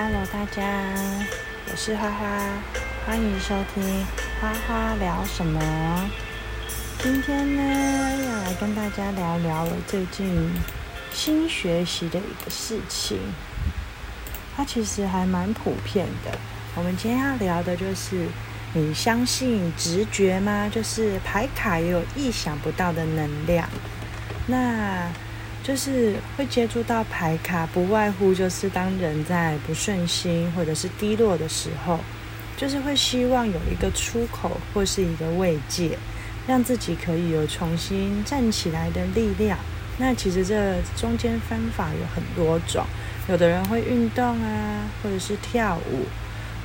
Hello，大家，我是花花，歡迎收聽花花聊什麼。今天呢，要來跟大家聊聊我最近新學習的一個事情。它其實還蠻普遍的。我們今天要聊的就是：你相信直覺嗎？就是牌卡也有意想不到的能量。那就是會接觸到牌卡，不外乎就是當人在不順心或者是低落的時候，就是會希望有一個出口或是一個慰藉，讓自己可以有重新站起來的力量。那其實這中間方法有很多種，有的人會運動啊，或者是跳舞，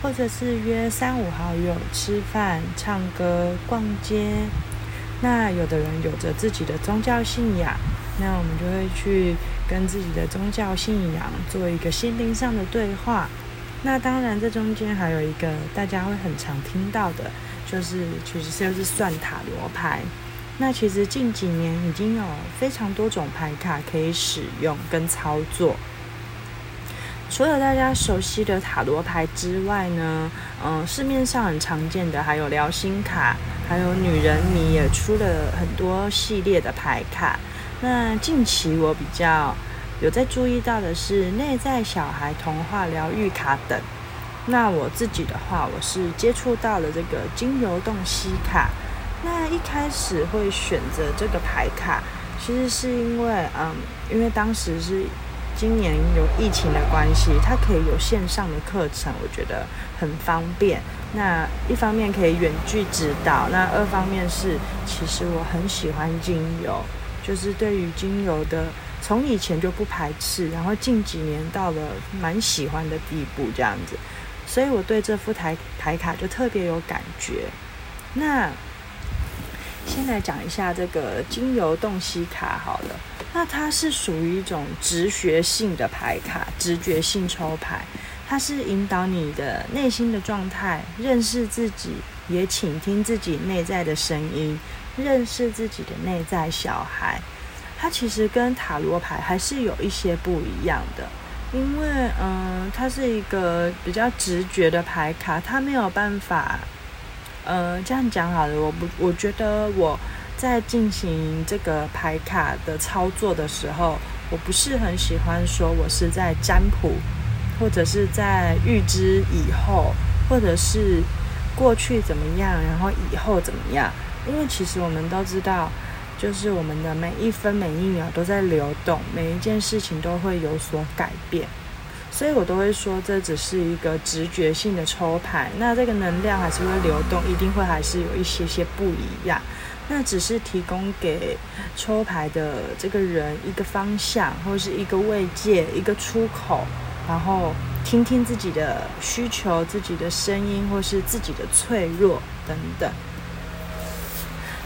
或者是約三五好友吃飯、唱歌、逛街。那有的人有着自己的宗教信仰。那我們就會去跟自己的宗教信仰做一個心靈上的對話。那當然，這中間還有一個大家會很常聽到的，就是其實就是算塔羅牌。那其實近幾年已經有非常多種牌卡可以使用跟操作。除了大家熟悉的塔羅牌之外呢，嗯、呃，市面上很常見的還有療心卡，還有女人迷也出了很多系列的牌卡。那近期我比較有在注意到的是內在小孩童話療癒卡等。那我自己的話，我是接觸到了這個精油洞悉卡。那一開始會選擇這個牌卡，其實是因為，嗯，因為當時是今年有疫情的關係，它可以有線上的課程，我覺得很方便。那一方面可以遠距指導，那二方面是其實我很喜歡精油。就是對於精油的，從以前就不排斥，然後近幾年到了蠻喜歡的地步這樣子，所以我對這副牌牌卡就特別有感覺。那先來講一下這個精油洞悉卡好了，那它是屬於一種直覺性的牌卡，直覺性抽牌，它是引導你的內心的狀態，認識自己，也傾聽自己內在的聲音。認識自己的內在小孩，他其實跟塔羅牌還是有一些不一樣的，因為嗯，他是一個比較直覺的牌卡，他沒有辦法，嗯，這樣講好了，我不，我覺得我在進行這個牌卡的操作的時候，我不是很喜歡說我是在占卜，或者是在預知以後，或者是過去怎麼樣，然後以後怎麼樣。因為其實我們都知道，就是我們的每一分每一秒都在流動，每一件事情都會有所改變，所以我都會說，這只是一個直覺性的抽牌。那這個能量還是會流動，一定會還是有一些些不一樣。那只是提供給抽牌的這個人一個方向，或是一個慰藉、一個出口，然後聽聽自己的需求、自己的聲音，或是自己的脆弱等等。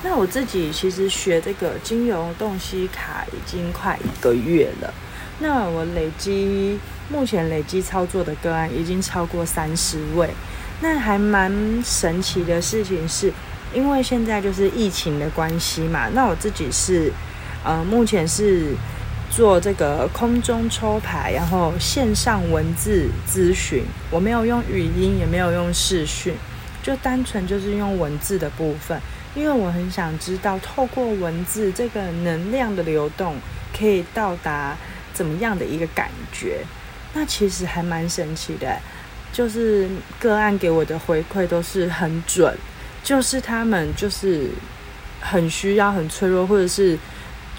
那我自己其實學這個精油洞悉卡已經快一個月了。那我累積目前累積操作的個案已經超過三十位。那還蠻神奇的事情是，因為現在就是疫情的關係嘛。那我自己是呃，目前是做這個空中抽牌，然後線上文字諮詢，我沒有用語音，也沒有用視訊，就單純就是用文字的部分。因為我很想知道，透過文字，這個能量的流動，可以到達怎麼樣的一個感覺？那其實還蠻神奇的，就是個案給我的回饋都是很準，就是他們就是很需要、很脆弱，或者是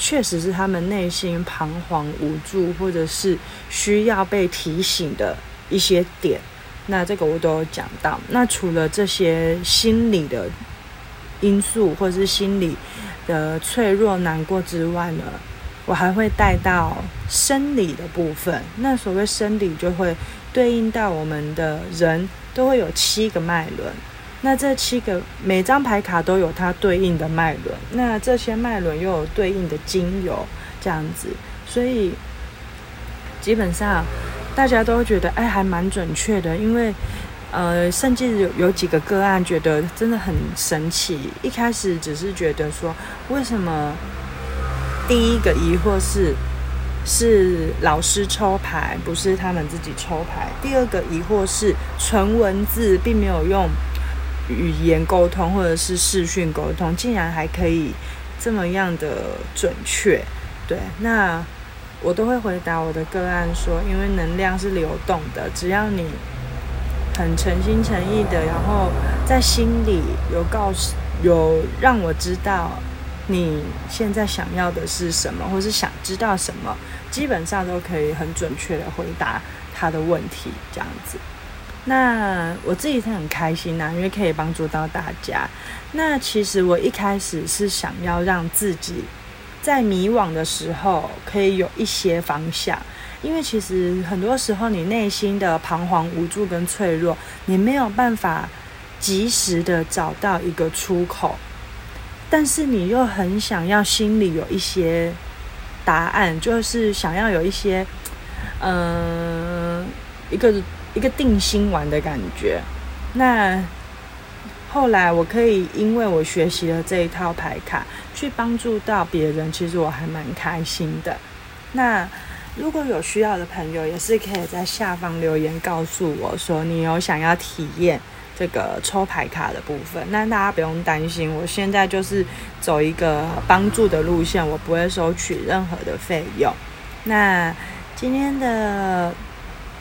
確實是他們內心彷徨無助，或者是需要被提醒的一些點。那這個我都有講到。那除了這些心理的。因素或是心理的脆弱、難過之外呢，我還會帶到生理的部分。那所謂生理，就會對應到我們的人都會有七個脈輪。那這七個每張牌卡都有它對應的脈輪，那這些脈輪又有對應的精油，這樣子。所以基本上大家都覺得，哎，還蠻準確的，因為，呃，甚至有有幾個個案覺得真的很神奇。一開始只是覺得說，為什麼第一個疑惑是是老師抽牌，不是他們自己抽牌？第二個疑惑是純文字，並沒有用語言溝通或者是視訊溝通，竟然還可以這麼樣的準確。對，那我都會回答我的個案說，因為能量是流動的，只要你很誠心誠意的，然後在心裡有告訴、有讓我知道，你現在想要的是什麼，或是想知道什麼，基本上都可以很準確的回答他的問題，這樣子。那我自己是很開心吶、啊，因為可以幫助到大家。那其實我一開始是想要讓自己在迷惘的時候可以有一些方向。因為其實很多時候，你內心的彷徨、無助跟脆弱，你沒有辦法及時的找到一個出口，但是你又很想要心裡有一些答案，就是想要有一些，嗯、呃，一個一個定心丸的感覺。那後來，我可以因為我學習了這一套牌卡，去幫助到別人，其實我還蠻開心的。那。如果有需要的朋友，也是可以在下方留言告訴我說，你有想要體驗這個抽牌卡的部分。那大家不用擔心，我現在就是走一個幫助的路線，我不會收取任何的費用。那今天的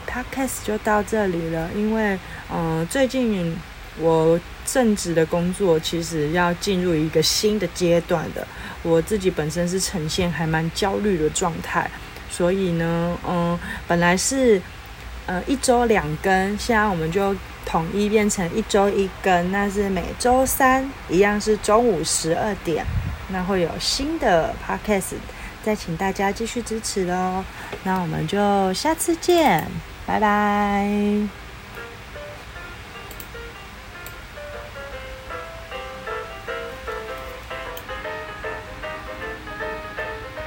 podcast 就到這裡了，因為嗯、呃，最近我正職的工作其實要進入一個新的階段的，我自己本身是呈現還蠻焦慮的狀態。所以呢，嗯，本來是，呃，一週兩更，現在我們就統一變成一週一更，那是每周三，一樣是中午十二點，那會有新的 Podcast，再請大家繼續支持咯。那我們就下次見，拜拜。